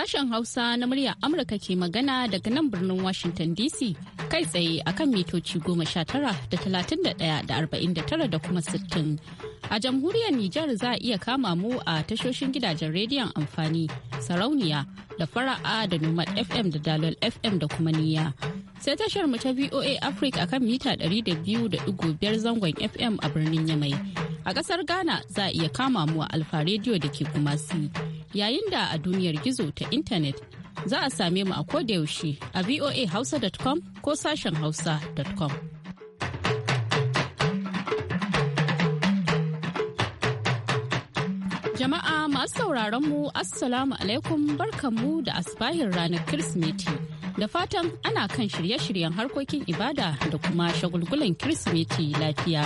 Sashen Hausa na murya Amurka ke magana daga nan birnin Washington DC kai tsaye akan mitoci goma sha tara da talatin da ɗaya da arba'in da tara da kuma sittin. A jamhuriyar Nijar za a iya kama mu a tashoshin gidajen rediyon amfani sarauniya da fara'a da numar FM da dalol FM da kuma niya Sai tashar mu ta VOA Africa akan mita 200.5 zangon FM a birnin Yamai. A ƙasar Ghana za a iya kama mu a Alfa rediyo da ke Kumasi. yayin da a duniyar gizo ta intanet za a same mu a kodayaushe a voahausa.com ko sashen hausa.com. Jama'a masu sauraron mu Assalamu alaikum barkanmu da asbahin ranar Kirsimeti. Da fatan ana kan shirye-shiryen harkokin ibada da kuma shagulgulan Kirsimeti lafiya.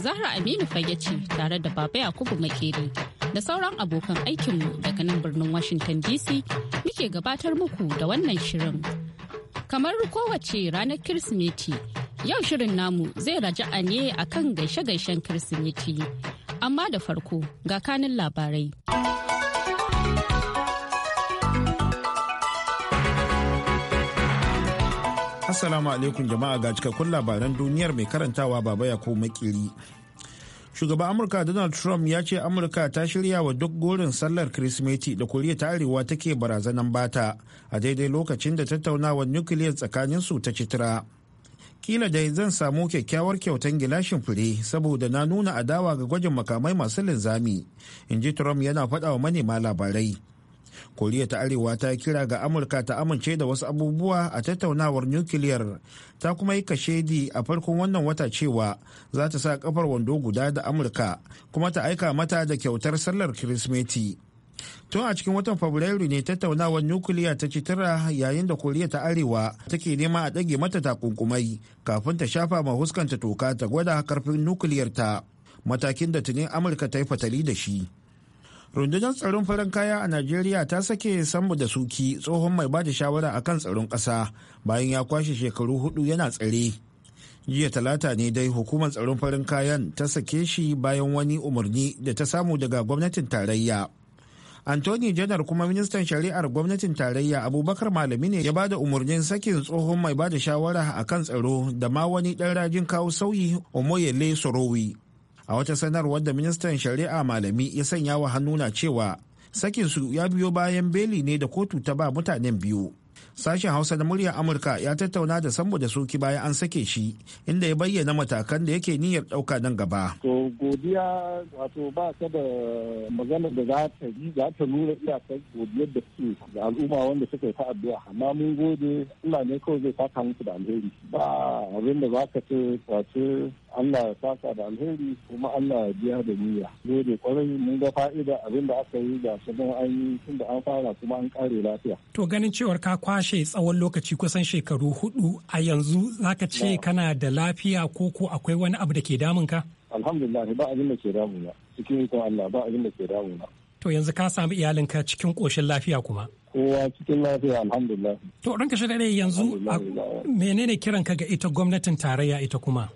Zahra Aminu fage ce tare da Baba Yakubu Makeri. da sauran abokan aikinmu daga nan birnin Washington DC muke gabatar muku da wannan shirin. Kamar kowace ranar Kirsimeti, yau shirin namu zai raja'a ne a kan gaishe-gaishen Kirsimeti. Amma da farko ga kanin labarai. Assalamu alaikum jama'a ga cikakkun labaran duniyar mai karantawa baba ya ko makiri. shugaban amurka donald trump ya ce amurka ta shirya wa duk gorin sallar kirsimeti da koriya ta arewa take barazanan bata a daidai lokacin da tattaunawar nukiliyar tsakanin su ta citra kila dai zan samu kyakkyawar kyautan gilashin fure saboda na nuna adawa ga gwajin makamai masu linzami in ji trump yana faɗawa manema labarai koriya ta arewa ta kira ga amurka ta amince da wasu abubuwa a tattaunawar nukiliyar ta kuma yi kashedi a farkon wannan wata cewa za ta sa kafar wando guda da amurka kuma ta aika mata da kyautar sallar kirismeti tun a cikin watan fabrairu ne tattaunawar nukiliya ta ci tara yayin da koriya ta arewa take nema a ɗage mata takunkumai kafin ta shafa ma huskanta toka ta gwada karfin nukiliyar ta matakin da tunin amurka ta yi fatali da shi rundunar tsaron farin kaya a najeriya ta sake sambo da suki tsohon mai ba da shawara akan tsaron kasa bayan ya kwashe shekaru hudu yana tsare jiya talata ne dai hukumar tsaron farin kayan ta sake shi bayan wani umarni da ta samu daga gwamnatin tarayya Anthony Janar kuma ministan shari'ar gwamnatin tarayya Abubakar Malami ne ya bada umarnin sakin tsohon mai bada shawara a kan tsaro da ma wani ɗan rajin kawo sauyi Omoyele Sorowi. a wata sanarwar da ministan shari'a malami ya sanya wa hannuna cewa cewa sakinsu ya biyo bayan beli ne da kotu ta ba mutanen biyu Sashen Hausa da muryar Amurka ya tattauna da sambo da soki bayan an sake shi inda ya bayyana matakan da yake niyyar ɗauka nan gaba. To godiya wato ba ta da magana da za ta yi za ta nuna iyakar godiyar da su da al'umma wanda suka yi ta addu'a amma mun gode Allah ne kawai zai saka musu da alheri ba abin da za ka ce wato Allah ya saka da alheri kuma Allah ya biya da niyya. Gode kwarai mun ga fa'ida abin da aka yi da shi an yi tun an fara kuma an kare lafiya. To ganin cewar ka kwashe tsawon lokaci kusan shekaru hudu a yanzu zaka ce kana da lafiya ko ko akwai wani abu da ke damun ka? Alhamdulillah ba abin da ke damuna cikin ikon Allah ba abin da ke damuna. To yanzu ka samu iyalinka cikin koshin lafiya kuma. Kowa cikin lafiya alhamdulillah. To ranka shi yanzu menene kiranka ga ita gwamnatin tarayya ita kuma?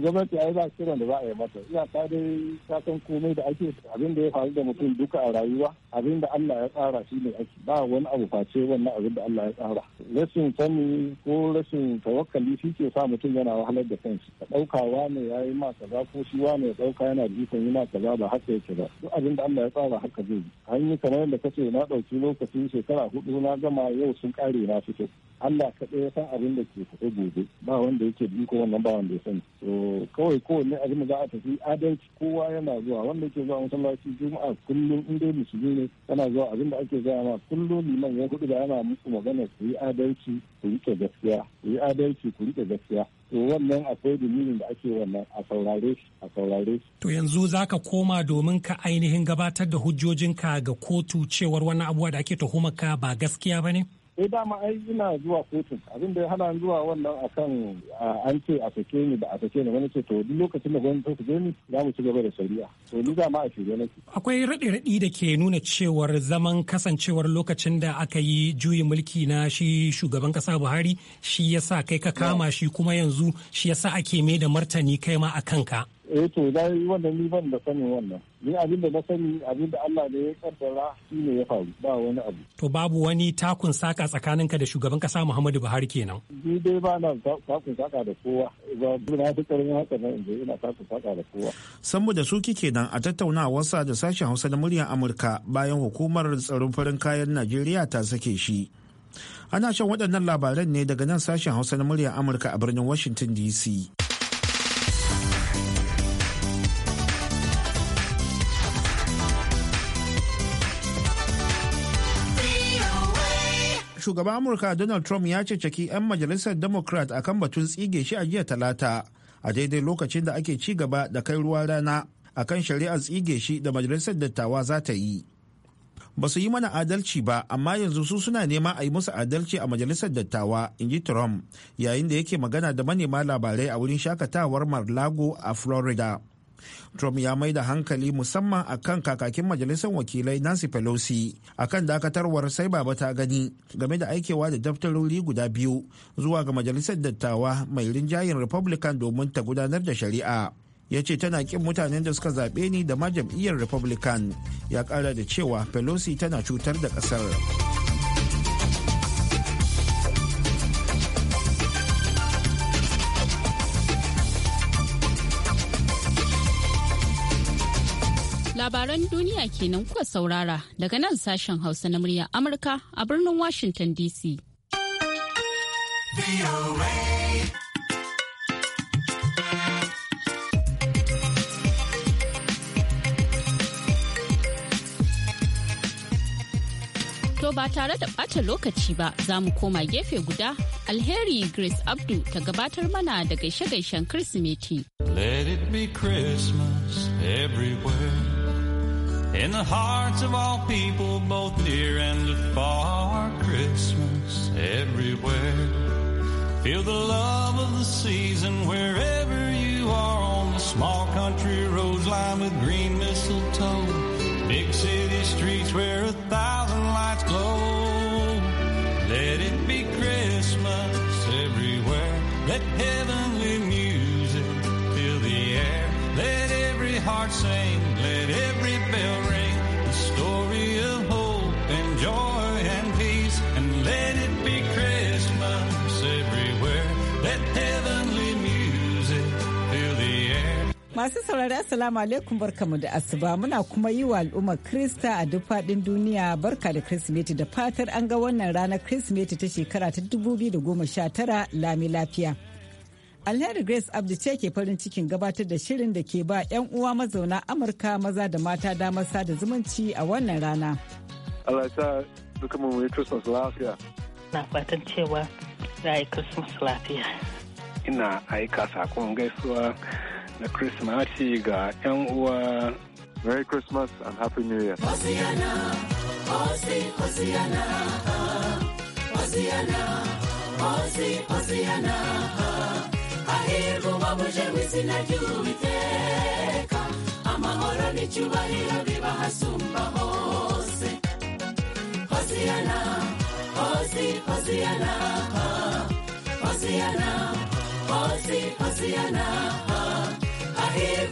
gwamnati yi ba kiran da za a yi mata ta dai ta san komai da ake abin da ya faru da mutum duka a rayuwa abin da Allah ya tsara shi ne ake ba wani abu face wannan abin da Allah ya tsara rashin sani ko rashin tawakkali shi ke sa mutum yana wahalar da kanshi ka ɗauka ne ya yi ma kaza ko shi wane ya ɗauka yana da yi ma kaza ba haka yake ba duk abin da Allah ya tsara haka zai yi an yi kamar yadda ce na ɗauki lokacin shekara hudu na gama yau sun kare na fito Allah kaɗai ya san abin da ke kuɗe gobe ba wanda yake ko wannan ba wanda ya sani to kawai kowanne abin za a tafi adalci kowa yana zuwa wanda yake zuwa masallaci juma'a kullum in dai musulmi ne yana zuwa abin da ake zuwa ma kullum liman ya kuɗi da yana musu magana ku yi adalci ku riƙe gaskiya ku yi adalci ku riƙe gaskiya to wannan akwai dalilin da ake wannan a saurare shi a saurare shi to yanzu za ka koma domin ka ainihin gabatar da hujjojinka ga kotu cewar wannan abubuwa da ake tuhumar ka ba gaskiya ba ne. eh dama ai ina zuwa kotun abin da ya hana zuwa wannan akan ah, an ce a sake ni da a sake ni wani ce to duk lokacin da gwamnati ta sake ni za mu ci gaba da shari'a to ni dama a shirye nake akwai raɗe-raɗi da ke nuna cewar zaman kasancewar lokacin da aka yi juyin mulki na shi shugaban kasa Buhari shi yasa kai ka kama shi kuma yanzu shi yasa ake mai da martani kai ma a kanka eh to yi wannan ni ban da sanin wannan ni abin da na sani abin da Allah ne ya kaddara shi ne ya faru ba wani abu to babu wani takun saka tsakaninka da shugaban kasa Muhammadu Buhari kenan ni dai ba na takun saka da kowa ba na fi karin haka na inda ina takun saka da kowa san da su kike nan a sa da sashen Hausa da muryar Amurka bayan hukumar tsaron farin kayan Najeriya ta sake shi ana shan waɗannan labaran ne daga nan sashen Hausa na muryar Amurka a birnin Washington DC shugaban amurka donald trump ya ceceki 'yan majalisar democrat kan batun tsige shi a jiya talata a daidai lokacin da ake ci gaba da kai ruwa rana kan shari'ar tsige shi da majalisar dattawa za ta yi ba su yi mana adalci ba amma yanzu su suna nema a yi musu adalci a majalisar dattawa in ji trump yayin da yake magana da manema labarai a wurin shakatawar marlago a florida Trump ya mai da hankali musamman a kan kakakin majalisar wakilai Nancy Pelosi a kan dakatarwar sai baba ta gani game da aikewa da daftarori guda biyu zuwa ga majalisar dattawa mai rinjayen Republican domin ta gudanar da shari'a. ya ce tana kin mutanen da suka zaɓe ni da majam'iyyar Republican ya ƙara da cewa Pelosi tana cutar da ƙasar. Labaran duniya kenan kuka saurara daga nan sashen Hausa na murya Amurka a birnin Washington DC. To ba tare da ɓata lokaci ba za mu koma gefe guda alheri Grace Abdu ta gabatar mana da gaishe-gaishen Kirsimeti. Let it be Christmas everywhere. in the hearts of all people, both near and far. Christmas everywhere. Feel the love of the season wherever you are on the small country roads lined with green mistletoe. Big city streets where a thousand lights glow. Let it be Christmas everywhere. Let heavenly music fill the air. Let every heart sing. Masu saurari Assalamu alaikum barkamu da asuba muna kuma yi wa al'ummar Krista a duk faɗin duniya barka da Kirsimeti da fatar an ga wannan ranar Kirsimeti ta shekara ta 2019 lami lafiya. Alheri Grace Abdi ce ke farin cikin gabatar da shirin da ke ba 'yan uwa mazauna Amurka maza da mata damar sada zumunci a wannan rana. Allah sa duka mu yi Christmas lafiya. Na fatan cewa za a yi Christmas lafiya. Ina aika sakon gaisuwa na Krismasi uwa. Merry Christmas and Happy New Year. Hosiana, Hosiana, Hosiana, Hosiana, amahoro hose. Hosiana, Hosi, Hosiana, Hosiana, Hosi, Hosiana, Hosiana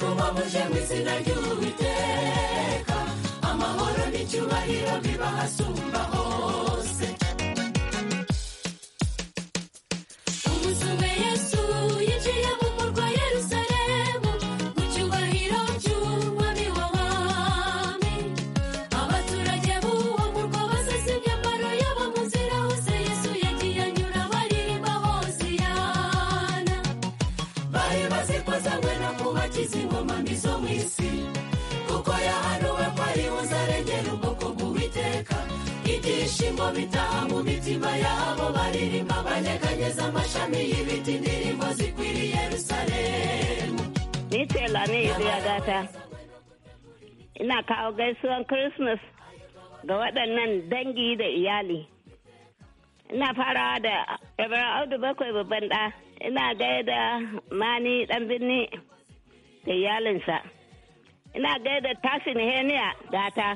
muje mu izina ry'uwiteka amahoro n'icyubahiro biba hasumba hose ibyishimo bitaha mu mitima yabo baririmba banyeganyeza amashami y'ibiti indirimbo zikwiriye yerusalemu ni tela ne gata ina kawo gaisuwan christmas ga waɗannan dangi da iyali ina farawa da Ibrahim Audu bakwai babban ɗa ina gaida mani ɗan birni da iyalinsa ina gaida tasin heniya gata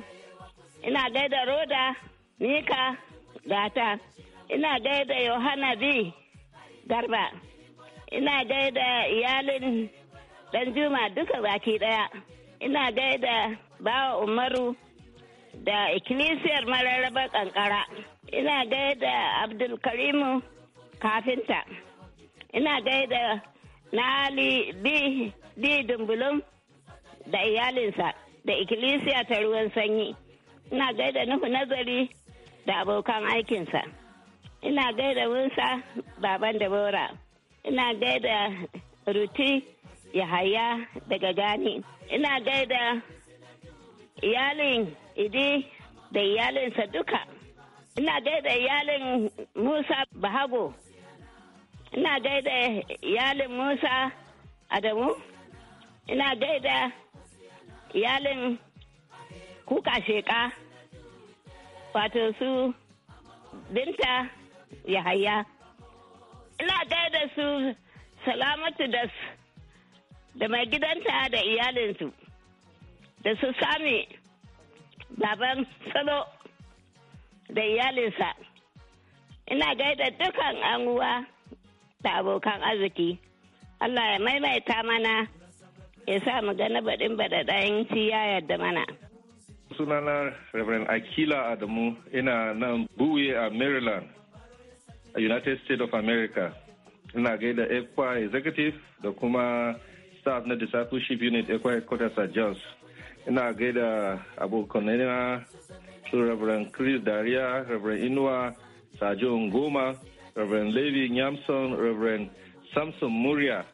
ina gaida roda Mika Gata, ina gaida Yohana B. Garba, ina gaida iyalin Danjuma duka baki ɗaya, ina gaida Bawa Umaru da ikkilisiyar mararraba ƙanƙara ina gaida karimu kafinta ina gaida nali bi d dumbulum da iyalinsa da ikkilisiyar ta ruwan sanyi ina gaida nuhu nazari da abokan aikinsa. Ina gaida Musa baban da Bora. Ina gaida Ruti Yahaya daga Gani. Ina gaida iyalin Idi da iyalinsa duka. Ina gaida iyalin Musa Bahago. Ina gaida iyalin Musa Adamu. Ina gaida iyalin kuka sheka. wato su binta ya haya ina gaida da su salamatu da da mai gidanta da iyalinsu da su sami baban salo da iyalinsa ina gaida dukan an uwa da abokan arziki allah ya maimaita mana ya sa mu ga na baɗin baɗaɗayen ya yarda mana sunana Reverend Akila Adamu ina nan Buwe uh, a Maryland, a United States of America. Ina gaida ekwa Executive da kuma staff na Discipleship Unit Ekwa Headquarters a Jos. Ina gaida abokanina su Reverend Chris Daria, Reverend Inuwa, Sajo Ngoma, Reverend Levi Nyamson, Reverend Samson Muria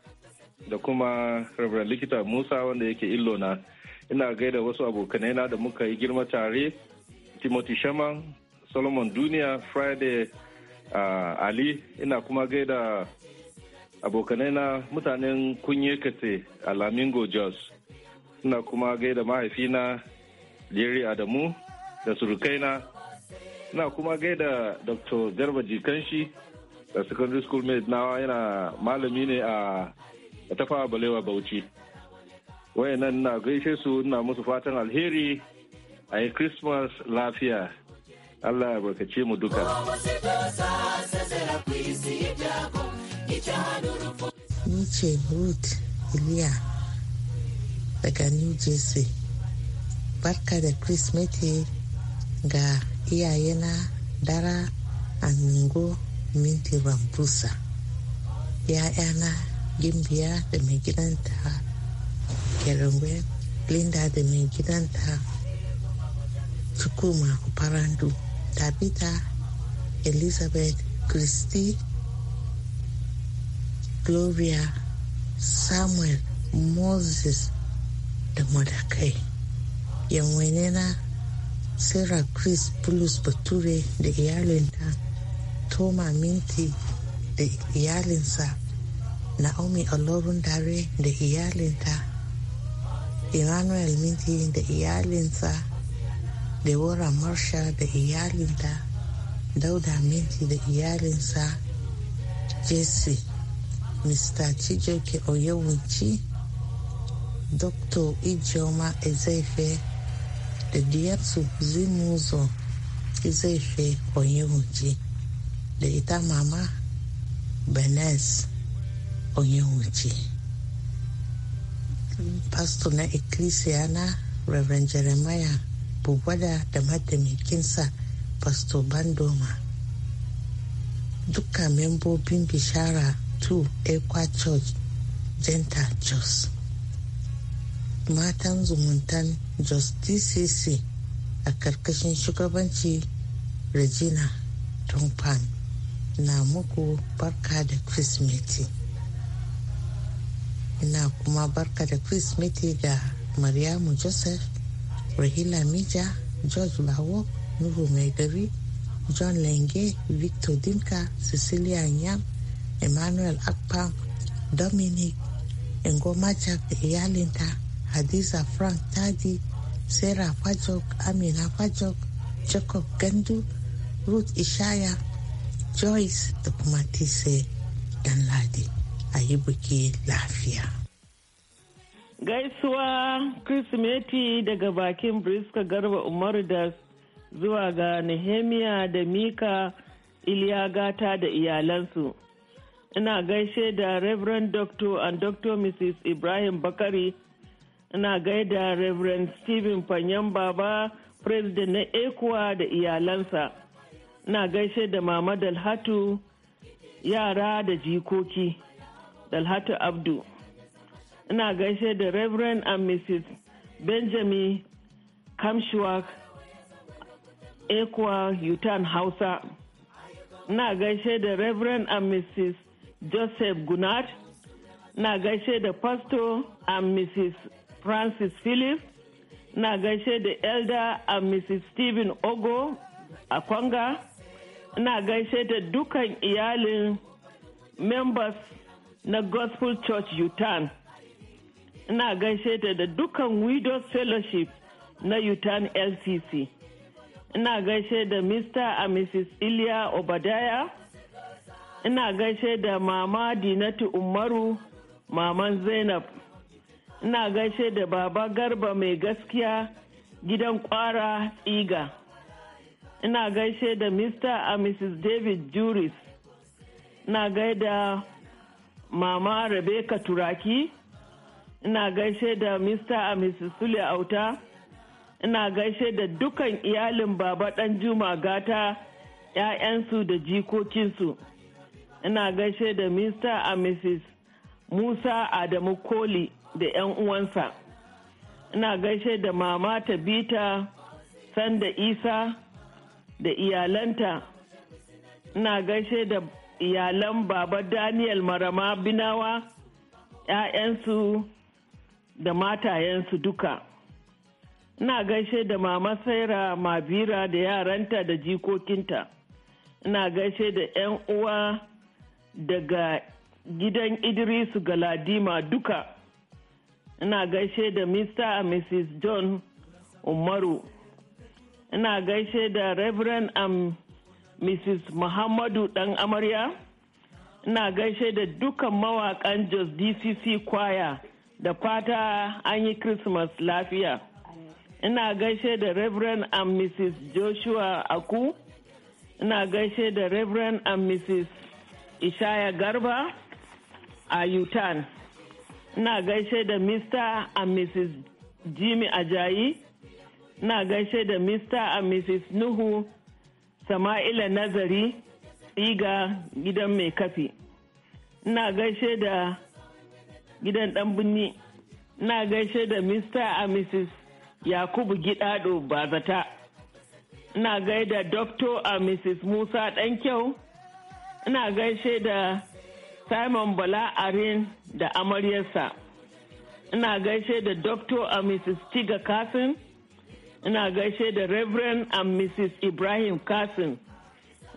da kuma Reverend Likita Musa wanda yake illona. ina gaida wasu abokanai na da muka yi girma tare timothy shaman solomon duniya friday uh, ali ina kuma gaida abokanai na mutanen kunye kate a lamingo jos ina kuma gaida mahaifina jerry adamu da surukaina ina kuma gaida dr garba jikanshi da secondary school mate nawa yana malami ne a tafawa balewa bauchi wayannan na gaishe su na musu fatan alheri a yi christmas lafiya allah ya barkaci mu duka ni ruth iliya daga new jersey barka da krismeti ga iyayena dara amingo minti rambusa ya'yana gimbiya da mai gidanta kerengwe linda da mai gidanta chukuma parandu tabita elizabeth christie gloria samuel moses da madakai yanwaine na sarah chris bulus bature da iyalinta toma minti da iyalinsa naomi olorun dare da iyalinta emmanuel minti da iyalinsa da marshall da iyalinta dauda minti da iyalinsa jesse mr cijoke oyewunci dr ijeoma ezeife da diyarsu zimuzo ezeife oyewunci da ita mama benes oyewunci pastor na ecclesia na reverend jeremiah bugwada da mataimakinsa pastor bandoma duka membobin bishara 2 ekwa church jenta jos matan zumuntan jos dcc a karkashin shugabanci regina tumpan na muku barka da kirsimeti ina kuma barka da chris miti da maryamu joseph rahila mija george bawo nuhu mai gari john lenge victor dinka cecilia yam emmanuel akpam dominic ingomajak da iyalinta hadiza frank tadi sarah fajok amina fajok jacob gandu ruth ishaya joyce da kuma tise dan ladi a yi buki lafiya. Gaisuwa Kirsimeti daga bakin Briska Garba Umaru da zuwa ga Nehemiya da Mika Iliyagata da iyalansu. Ina gaishe da Reverend Dr. and Dr. Mrs. Ibrahim Bakari. Ina gaida Reverend Stephen Fanyan Baba, President na Ekuwa da iyalansa. Ina gaishe da Mama Dalhatu, yara da jikoki. dalhatu abdu ina gaishe da reverend and mrs benjamin kamshuwak ekwa yutan hausa ina gaishe da reverend and mrs joseph gunard na gaishe da pastor and mrs francis philip na gaishe da elder and mrs stephen ogo a kwanga na gaishe da dukan iyalin members na Gospel Church Utan. Ina gaishe ta da dukan Widows Fellowship na Utan LCC. Ina gaishe da Mr. and Mrs. Ilya Obadaya. Ina gaishe da Mama Dinatu Umaru, Maman Zainab. Ina gaishe da Baba Garba mai gaskiya gidan kwara iga Ina gaishe da Mr. and Mrs. David Juris. Ina gaida mama Rebecca Turaki, ina gaishe da Mr. and Mrs. Sule Auta, ina gaishe da dukan iyalin Baba ɗan Juma Gata, ‘ya'yansu da jikokinsu. Ina gaishe da Mr. and Mrs. Musa Adamu Koli da ‘yan uwansa. Ina gaishe da mama Tabita Sanda Isa da iyalanta. Ina gaishe da iyalan baba daniel marama binawa 'ya'yansu da matayensu duka ina gaishe da mama saira mabira da yaranta da jikokinta ina gaishe da 'yan uwa daga gidan idrisu galadima duka ina gaishe da mr and mrs john umaru ina gaishe da reverend and um, Mrs. Muhammadu Dan Amarya, ina gaishe da dukan mawakan Jos DCC kwaya. da fata an yi Christmas lafiya. Ina gaishe da Reverend and Mrs. Joshua Aku, ina gaishe da Reverend and Mrs. Ishaya Garba a Utan. Ina gaishe da Mr. and Mrs. Jimmy Ajayi, ina gaishe da Mr. and Mrs. Nuhu. Sama'ila Nazari tsiga gidan mai kafi. Ina gaishe da gidan ɗan binni. Ina gaishe da Mr. and Mrs. Yakubu Gidado Bazata. Ina gaida Dr. and Mrs. Musa Ɗankyau. Ina gaishe da Simon Bala Arin da amaryarsa. Ina gaishe da Dr. and Mrs. Tiga Kasin. ina gaishe da Reverend and Mrs. Ibrahim Kasim.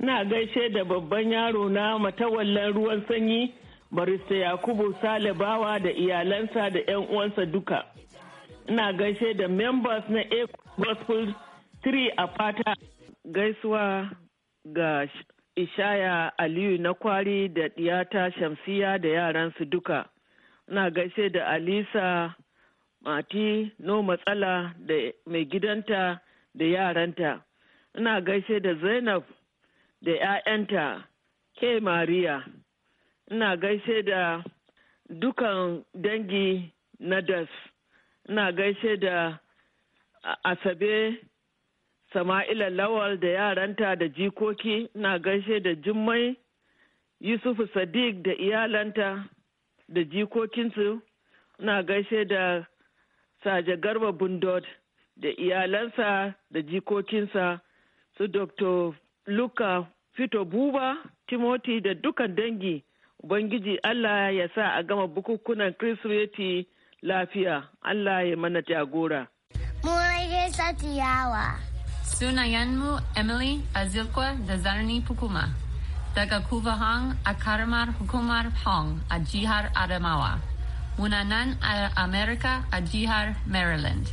Ina gaishe da babban yaro na matawallan ruwan sanyi barista Yakubu Salibawa da iyalansa da 'yan uwansa duka. Ina gaishe da members na A Gospel 3 a fata gaisuwa ga Ishaya Aliyu na kwari da ɗiyata Shamsiya da yaransu duka. Ina gaishe da Alisa mati no matsala da mai gidanta da yaranta ina gaishe da zainab da 'ya'yanta ke mariya ina gaishe da dukan dangi na das ina gaishe da asabe sama'ila lawal da yaranta da jikoki ina gaishe da jummai yusufu sadiq da iyalanta da jikokinsu ina gaishe da Saja Garba Bundod da iyalansa da jikokinsa su Dr. Luka Fito Buba, Timoti da dukan dangi Ubangiji Allah ya sa a gama bukukunan Kirsimeti lafiya, Allah ya mana jagora. Murai Satiyawa. Sunayenmu Emily Azilkwa da Zarni Pukuma. Daga Kuvahang Hong a karamar hukumar Hong a jihar Adamawa. muna nan a america a jihar Maryland.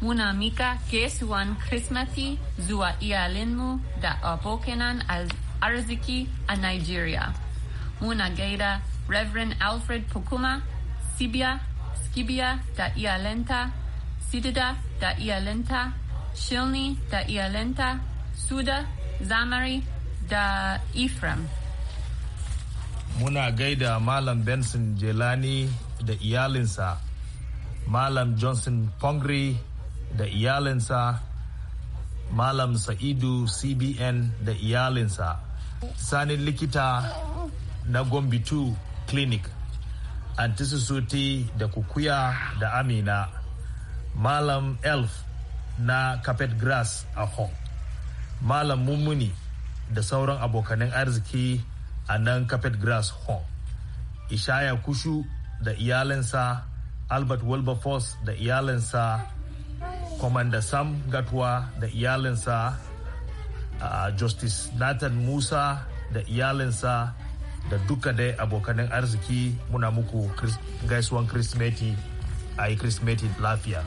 Muna mika gaisuwan Kirsimeti zuwa iyalinmu da abokanan arziki a Nigeria. Muna gaida Reverend Alfred Pukuma, sibia skibia da iyalanta, Sidida da iyalanta, Shilni da iyalanta, Suda, Zamari da Ephraim. Muna gaida Malam Benson Jelani da iyalinsa malam johnson pongri da iyalinsa malam sa'idu cbn da iyalinsa sani likita na gombe 2 clinic antisusuti da kukuya da amina malam elf na carpet grass a home malam mummuni da sauran abokanen arziki a nan carpet grass home ishaya kushu da iyalinsa albert wilberforce da iyalinsa commander sam gatwa da iyalinsa uh, justice nathan musa da iyalinsa da duka dai abokanin arziki muna muku gaisuwan kirsimeti a yi lafiya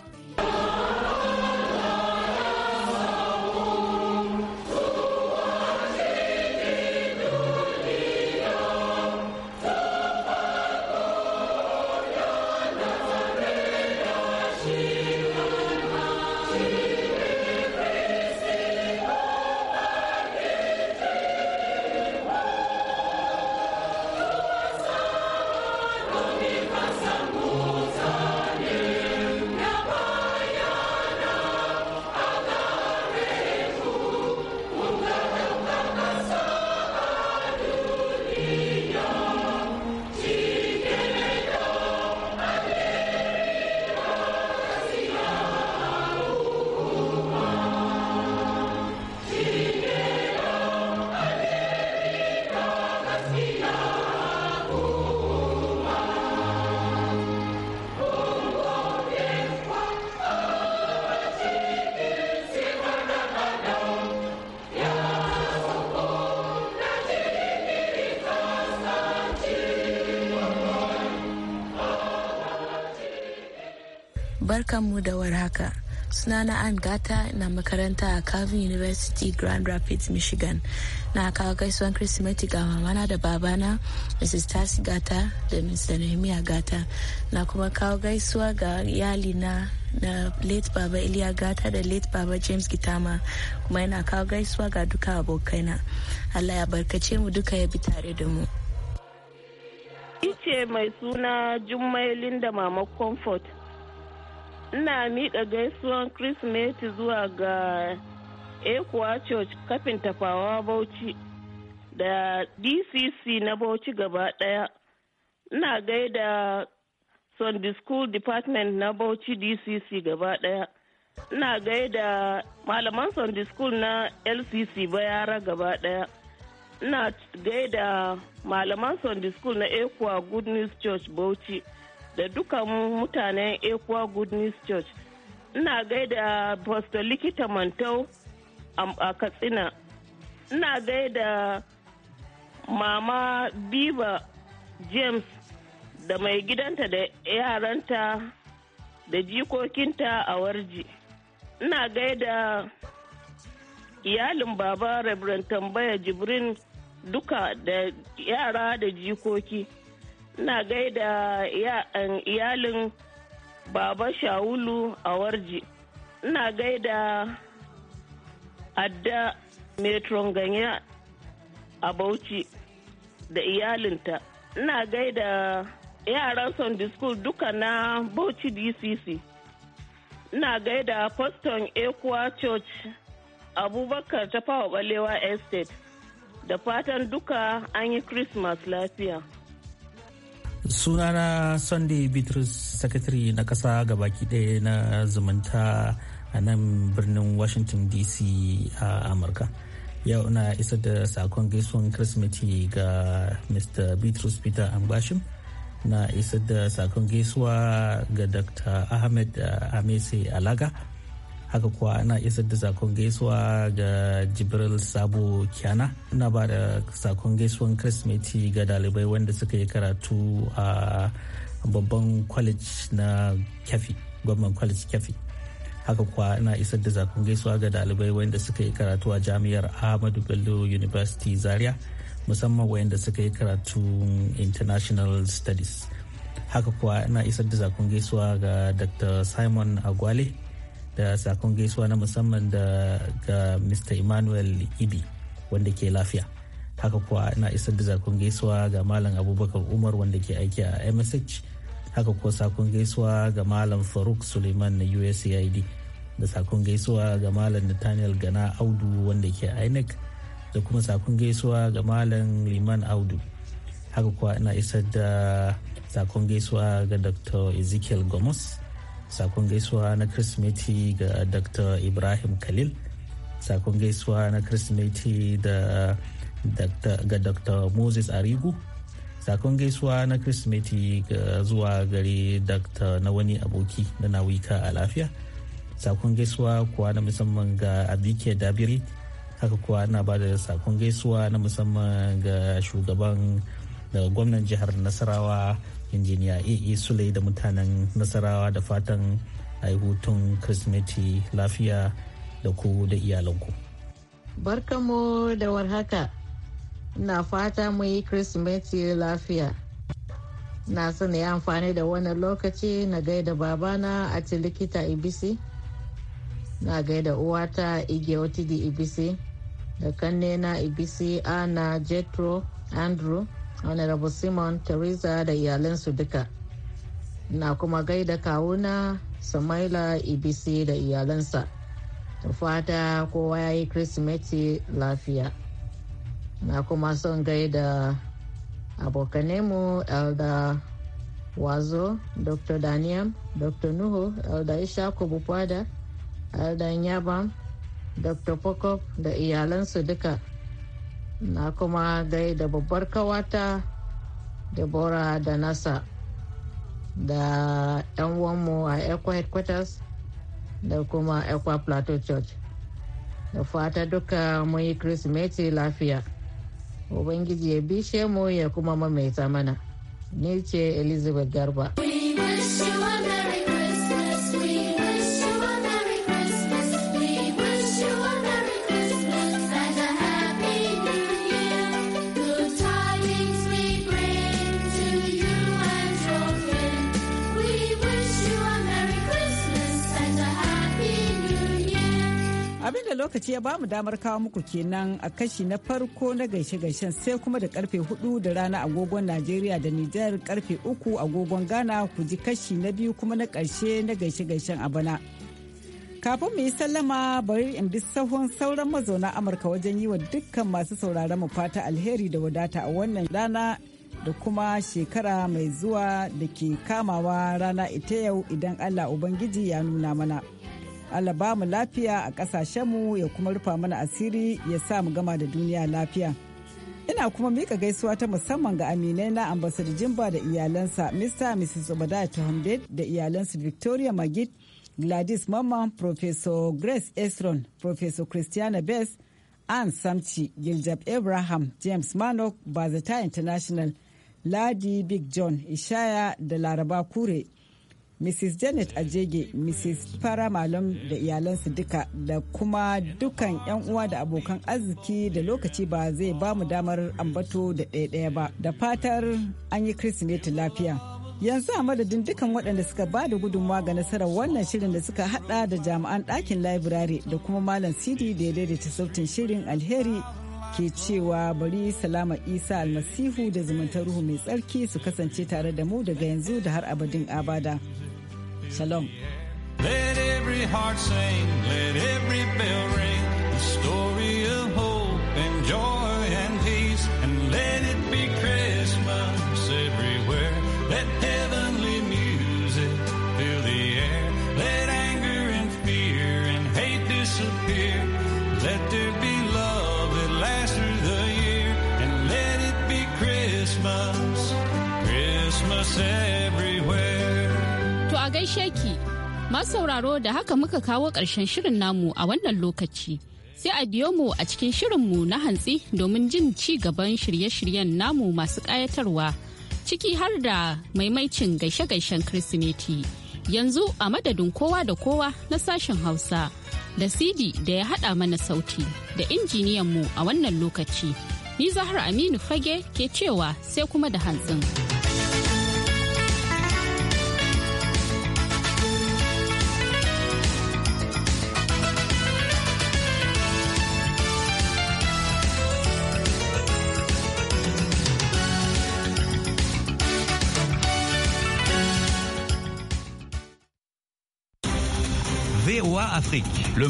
Barkanmu da warhaka. Sunana an Gata na makaranta a Calvin University Grand Rapids, Michigan. Na kawo gaisuwan Kirsimeti ga mamana da babana, Mrs. Tasi Gata da Mr. Nehemiah Gata. Na kuma kawo gaisuwa ga iyali na na late baba Iliya Gata da late baba James Gitama kuma yana kawo gaisuwa ga duka abokaina. Allah ya barkace mu duka ya bi tare da mu. Ice mai suna Jummai Linda Mama Comfort. ina miƙa gaisuwan kirsimeti zuwa ga ekuwa church kafin tafawa bauchi da dcc na bauchi gaba ɗaya ina gaida sunday school department na bauchi dcc gaba ɗaya ina gaida malaman sunday school na lcc bayara gaba ɗaya ina gaida malaman sunday school na ekuwa good news church bauchi da dukan mutanen Equa Good News Church. Ina gaida Pastor Likita Mantau a Katsina. Ina gaida Mama Biba James da mai gidanta da yaranta da jikokinta a warji. Ina gaida iyalin baba Reverend Tambaya Jibrin duka da yara da jikoki. ina gaida iyalin baba shawulu a warji ina gaida adda metron ganya a bauchi da iyalinta ina gaida yaran sunday school duka na bauchi dcc ina gaida poston Ekwa Church Abubakar ta fawa balewa estate da fatan duka an yi Christmas lafiya. sunana sunday bitrus secretary na kasa baki ɗaya na zumunta a nan birnin washington dc a amurka yau na isa da sakon gaisuwan kirsimeti ga mr bitrus peter ambashim na isa da sakon gaisuwa ga dr ahmed eh, amese alaga haka kuwa ana isar da sakon gaisuwa ga jibril sabo kyana ina ba da sakon gaisuwan kirsimeti ga dalibai wanda suka yi karatu a babban college na kyafi gwamnan college kyafi haka kuwa ina isar da sakon gaisuwa ga dalibai wanda suka yi karatu a jami'ar ahmadu bello university zaria musamman wayanda suka yi karatu international studies haka kuwa ina isar da zakon gaisuwa ga dr simon agwale da sakon gaisuwa na musamman da ga mr emmanuel ibi wanda ke lafiya haka kuwa ina isar da sakon gaisuwa ga malam abubakar umar wanda ke aiki a msh haka kuwa sakon gaisuwa ga malam faruk suleiman na usaid da sakon gaisuwa ga malam nathaniel gana audu wanda ke inec da kuma sakon gaisuwa ga malam liman audu haka kuwa ina isar da sakon gaisuwa ga dr ezekiel gomes sakon gaisuwa na kirsimeti ga dr ibrahim khalil sakon gaisuwa na kirsimeti ga dr moses arigu sakon gaisuwa na kirsimeti ga zuwa gari dr na wani aboki na nawika a lafiya sakon gaisuwa kuwa na musamman ga abike dabiri haka kuwa na ba da sakon gaisuwa na musamman ga shugaban gwamnan jihar nasarawa injiniya ee sule da mutanen nasarawa da fatan a hutun kirsimeti lafiya da ku da iyalanku barkamu da warhaka na fata mu yi kirsimeti lafiya na son yi amfani da wannan lokaci na gaida babana a likita ibisi na gaida uwata igiya ibisi da kannena ibisi ana jetro andrew honorable simon teresa da iyalansu duka na kuma gaida kawuna samaila ibc e da iyalansa ta fata kowa ya yi kirsimeti lafiya na kuma son gaida abokanemu elda wazo dr daniel dr nuhu elda ishaku bukwada elda nyabam dr pokop da iyalansu duka na kuma gai da babbar kawata Deborah da nasa da 'yan uwanmu a Equa headquarters da kuma Equa plateau church da fata duka mun yi kirsimeti lafiya ubangiji ya bishe mu ya kuma mamaita mana ni ce elizabeth garba abin da lokaci ya bamu damar kawo muku kenan a kashi na farko na gaishe-gaishen sai kuma da karfe hudu da rana agogon najeriya da nijar karfe uku agogon ghana ku ji kashi na biyu kuma na karshe na gaishe-gaishen a bana kafin mu yi sallama bari in bi sahun sauran mazauna amurka wajen yi wa dukkan masu sauraron mu fata alheri da wadata a wannan rana da kuma shekara mai zuwa da ke kamawa rana ita yau idan allah ubangiji ya nuna mana. Allah ba mu lafiya a ƙasashenmu ya kuma rufa mana asiri ya sa mu gama da duniya lafiya. Ina kuma mika gaisuwa ta musamman ga aminai na ambasada Jimba da iyalansa Mr. Mrs. Obadiah Tohamded da iyalansu Victoria Magid, Gladys Mamma, Professor Grace estron Professor Christiana Bess, Ann Samchi Giljab Abraham, James Manok, Bazata International, Ladi Big John, Ishaya da Laraba Kure. mrs janet ajege mrs fara malam da iyalansu duka da kuma dukan yan uwa da abokan arziki da lokaci ba zai ba mu damar ambato da ɗaya-ɗaya ba da fatar an yi kirsimeti lafiya yanzu a madadin dukan waɗanda suka ba da gudunmawa ga nasarar wannan shirin da suka haɗa da jami'an ɗakin library da kuma malam sidi da ya daidaita sautin shirin alheri ke cewa bari salama isa almasihu da zumuntar ruhu mai tsarki su kasance tare da mu daga yanzu da har abadin abada shalom let every joy To a gaishe ki, masu sauraro da haka muka kawo ƙarshen shirin namu a wannan lokaci. Sai a biyo mu a cikin shirinmu na hantsi domin jin ci gaban shirye-shiryen namu masu ƙayatarwa, ciki har da maimaicin gaishe-gaishen Kirsimeti. Yanzu a madadin kowa da kowa na sashen Hausa, da CD da ya haɗa mana sauti, da injiniyanmu a wannan lokaci. Ni Zahra Aminu Fage ke cewa sai kuma da hantsin. Afrique. Le monde